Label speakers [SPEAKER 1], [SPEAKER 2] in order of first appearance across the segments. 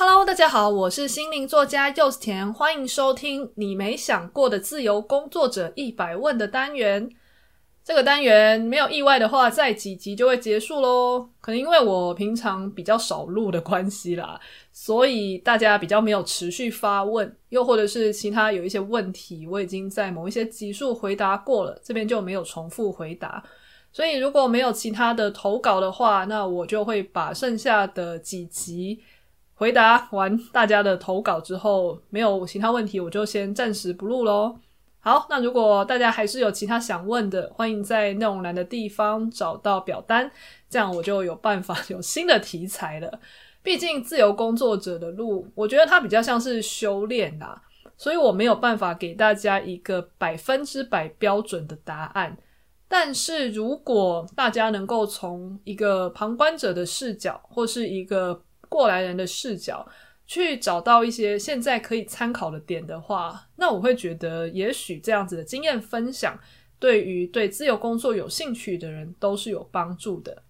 [SPEAKER 1] Hello，大家好，我是心靈作家柚子甜，歡迎收聽你沒想過的自由工作者一百問的單元。這個單元沒有意外的話，再幾集就會結束咯。可能因為我平常比較少錄的關係啦，所以大家比較沒有持續發問，又或者是其他有一些問題，我已經在某一些集數回答過了，這邊就沒有重複回答。所以如果沒有其他的投稿的話，那我就會把剩下的幾集。回答完大家的投稿之後，沒有其他問題，我就先暫時不錄嘍。好，那如果大家還是有其他想問的，歡迎在內容欄的地方找到表單，這樣我就有辦法有新的題材了。畢竟自由工作者的路，我覺得它比較像是修煉啊，所以我沒有辦法給大家一個百分之百標準的答案。但是如果大家能夠從一個旁觀者的視角，或是一個。過來人的視角去找到一些現在可以參考的點的話，那我會覺得也許這樣子的經驗分享對於對自由工作有興趣的人都是有幫助的。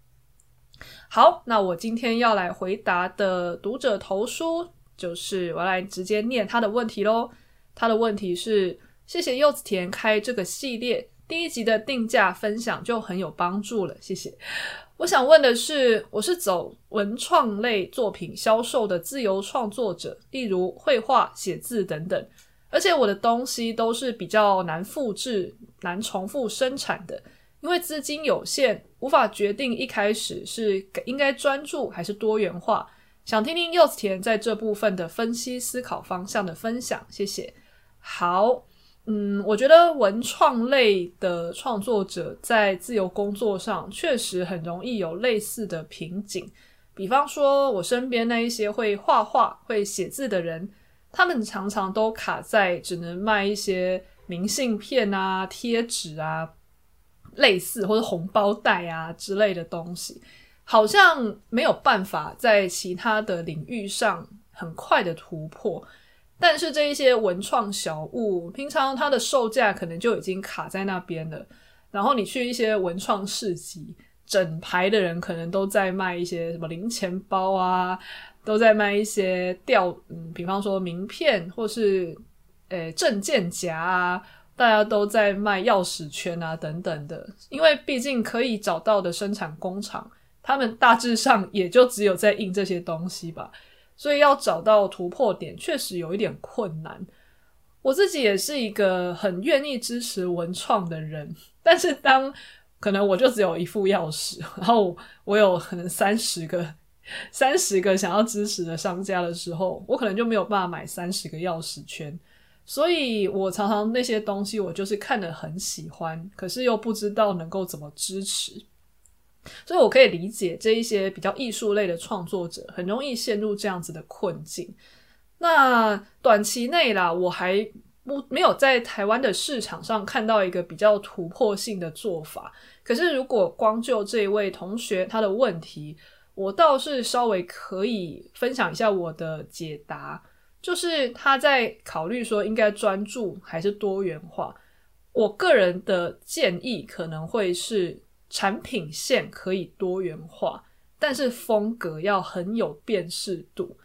[SPEAKER 1] 好，那我今天要來回答的讀者投書，就是我要來直接念他的問題嘍。他的問題是：謝謝柚子甜開這個系列第一集的定價分享就很有幫助了，謝謝。我想問的是，我是走文創類作品銷售的自由創作者，例如繪畫、寫字等等，而且我的東西都是比較難複製、難重複生產的，因為資金有限，無法決定一開始是應該專注還是多元化。想聽聽柚子甜在這部分的分析、思考方向的分享，謝謝。好。嗯，我覺得文創類的創作者在自由工作上確實很容易有類似的瓶頸。比方說，我身邊那一些會畫畫、會寫字的人，他們常常都卡在只能賣一些明信片啊、貼紙啊、類似或者紅包袋啊之類的東西，好像沒有辦法在其他的領域上很快的突破。但是這一些文創小物，平常它的售價可能就已經卡在那邊了。然後你去一些文創市集，整排的人可能都在賣一些什麼零錢包啊，都在賣一些吊，嗯，比方說名片或是誒、欸、證件夾啊，大家都在賣鑰匙圈啊等等的。因為畢竟可以找到的生產工廠，他們大致上也就只有在印這些東西吧。所以要找到突破點，確實有一點困難。我自己也是一個很願意支持文創的人，但是當可能我就只有一副鑰匙，然後我有可能三十個、三十個想要支持的商家的時候，我可能就沒有辦法買三十個鑰匙圈。所以我常常那些東西，我就是看得很喜歡，可是又不知道能夠怎麼支持。所以，我可以理解這一些比較藝術類的創作者很容易陷入這樣子的困境。那短期內啦，我還沒有在台灣的市場上看到一個比較突破性的做法。可是，如果光就這一位同學他的問題，我倒是稍微可以分享一下我的解答，就是他在考慮說應該專注還是多元化。我個人的建議可能會是。產品線可以多元化，但是風格要很有辨識度。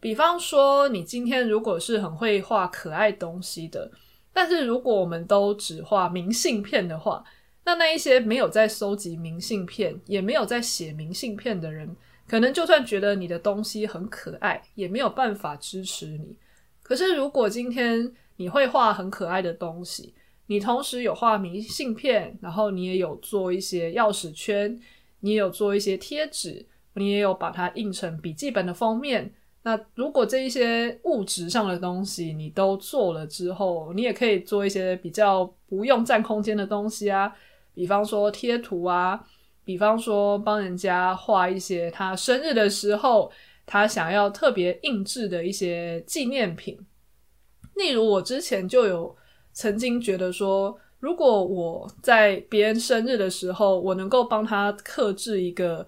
[SPEAKER 1] 比方說，你今天如果是很會畫可愛東西的，但是如果我們都只畫明信片的話，那那一些沒有在收集明信片，也沒有在寫明信片的人，可能就算覺得你的東西很可愛，也沒有辦法支持你。可是如果今天你會畫很可愛的東西，你同時有畫明信片，然後你也有做一些鑰匙圈，你也有做一些貼紙，你也有把它印成筆記本的封面。那如果這一些物質上的東西你都做了之後，你也可以做一些比較不用佔空間的東西啊，比方說貼圖啊，比方說幫人家畫一些他生日的時候他想要特別印製的一些紀念品，例如我之前就有。曾經覺得說，如果我在別人生日的時候，我能夠幫他客製一個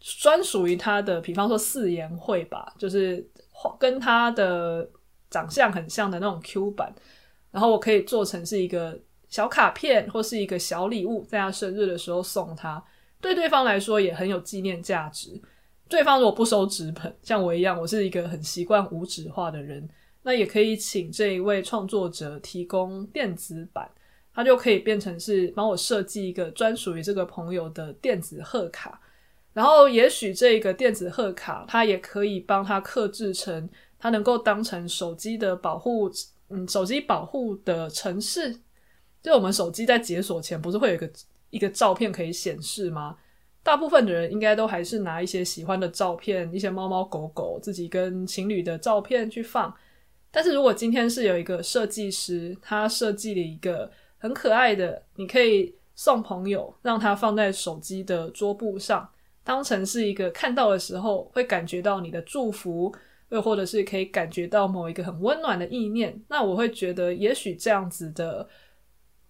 [SPEAKER 1] 專屬於他的，比方說似顏繪吧，就是跟他的長相很像的那種 Q 版，然後我可以做成是一個小卡片或是一個小禮物，在他生日的時候送他，對對方來說也很有紀念價值。對方如果不收紙本，像我一樣，我是一個很習慣無紙化的人。那也可以請這一位創作者提供電子版，他就可以變成是幫我設計一個專屬於這個朋友的電子賀卡。然後，也許這個電子賀卡，它也可以幫它客製成，它能夠當成手機的保護，嗯，手機保護的程式。就我們手機在解鎖前，不是會有一個一個照片可以顯示嗎？大部分的人應該都還是拿一些喜歡的照片，一些貓貓狗狗，自己跟情侶的照片去放。但是如果今天是有一個設計師，他設計了一個很可愛的，你可以送朋友，讓他放在手機的桌布上，當成是一個看到的時候會感覺到你的祝福，又或者是可以感覺到某一個很溫暖的意念，那我會覺得，也許這樣子的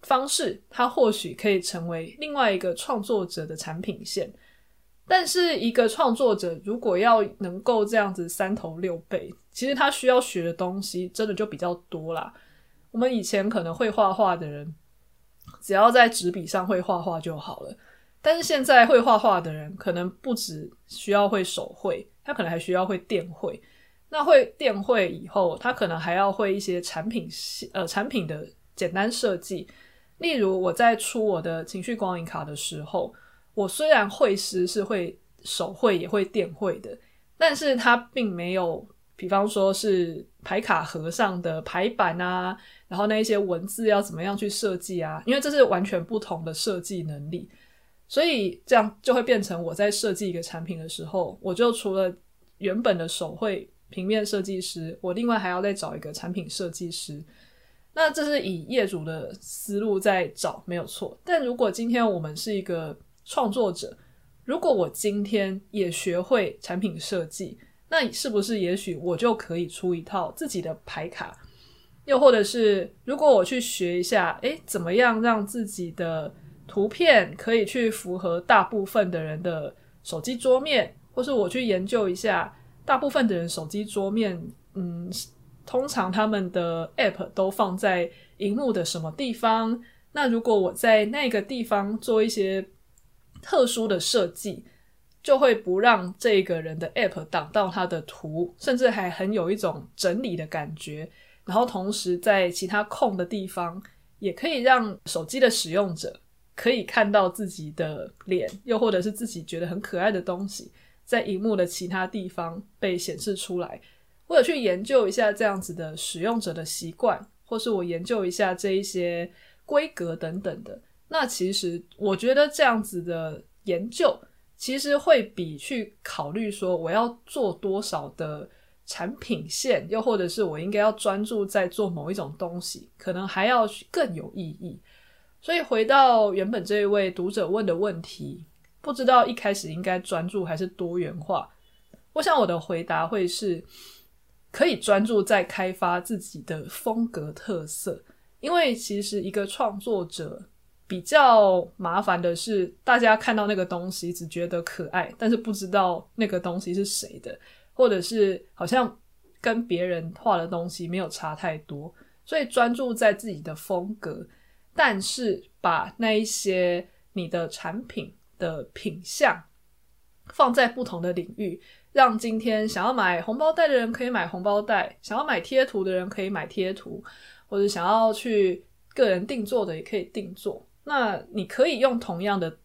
[SPEAKER 1] 方式，它或許可以成為另外一個創作者的產品線。但是，一個創作者如果要能夠這樣子三頭六臂，其實他需要學的東西真的就比較多了。我們以前可能會畫畫的人，只要在紙筆上會畫畫就好了。但是現在會畫畫的人，可能不只需要會手繪，他可能還需要會電繪。那會電繪以後，他可能還要會一些產品，呃，產品的簡單設計。例如，我在出我的情緒光影卡的時候。我雖然繪師，是會手繪，也會電繪的，但是它並沒有，比方說是牌卡盒上的排版啊，然後那一些文字要怎麼樣去設計啊，因為這是完全不同的設計能力，所以這樣就會變成我在設計一個產品的時候，我就除了原本的手繪平面設計師，我另外還要再找一個產品設計師。那這是以業主的思路在找，沒有錯。但如果今天我們是一個創作者，如果我今天也學會產品設計，那是不是也許我就可以出一套自己的牌卡？又或者是，如果我去學一下，誒、欸，怎麼樣讓自己的圖片可以去符合大部分的人的手機桌面？或是我去研究一下，大部分的人手機桌面，嗯，通常他們的 app 都放在熒幕的什麼地方？那如果我在那個地方做一些特殊的設計就會不讓這個人的 app 擋到他的圖，甚至還很有一種整理的感覺。然後同時在其他空的地方，也可以讓手機的使用者可以看到自己的臉，又或者是自己覺得很可愛的東西，在熒幕的其他地方被顯示出來。或者去研究一下這樣子的使用者的習慣，或是我研究一下這一些規格等等的。那其實我覺得這樣子的研究，其實會比去考慮說我要做多少的產品線，又或者是我應該要專注在做某一種東西，可能還要更有意義。所以回到原本這一位讀者問的問題，不知道一開始應該專注還是多元化。我想我的回答會是，可以專注在開發自己的風格特色，因為其實一個創作者。比較麻煩的是，大家看到那個東西只覺得可愛，但是不知道那個東西是誰的，或者是好像跟別人畫的東西沒有差太多。所以專注在自己的風格，但是把那一些你的產品的品項放在不同的領域，讓今天想要買紅包袋的人可以買紅包袋，想要買貼圖的人可以買貼圖，或者想要去個人定做的也可以定做。那你可以用同樣的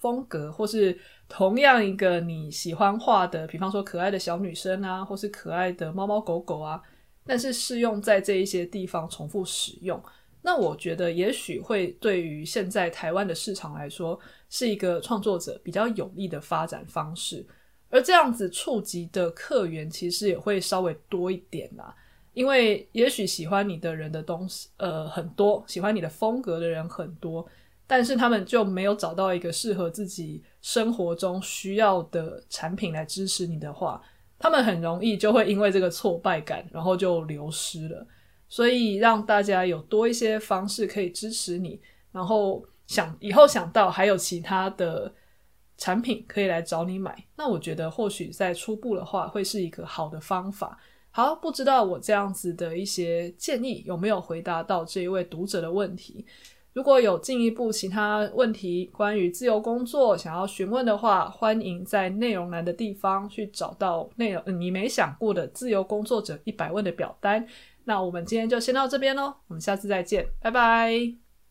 [SPEAKER 1] 風格，或是同樣一個你喜歡畫的，比方說可愛的小女生啊，或是可愛的貓貓狗狗啊，但是適用在這一些地方重複使用。那我覺得也許會對於現在台灣的市場來說，是一個創作者比較有利的發展方式，而這樣子觸及的客源其實也會稍微多一點啦、啊。因為也許喜歡你的人的東西，呃，很多喜歡你的風格的人很多，但是他們就沒有找到一個適合自己生活中需要的產品來支持你的話，他們很容易就會因為這個挫敗感，然後就流失了。所以讓大家有多一些方式可以支持你，然後想以後想到還有其他的產品可以來找你買，那我覺得或許在初步的話會是一個好的方法。好，不知道我這樣子的一些建議有沒有回答到這一位讀者的問題。如果有進一步其他問題關於自由工作想要詢問的話，歡迎在內容欄的地方去找到內容。你沒想過的自由工作者一百問的表單。那我們今天就先到這邊咯我們下次再見，拜拜。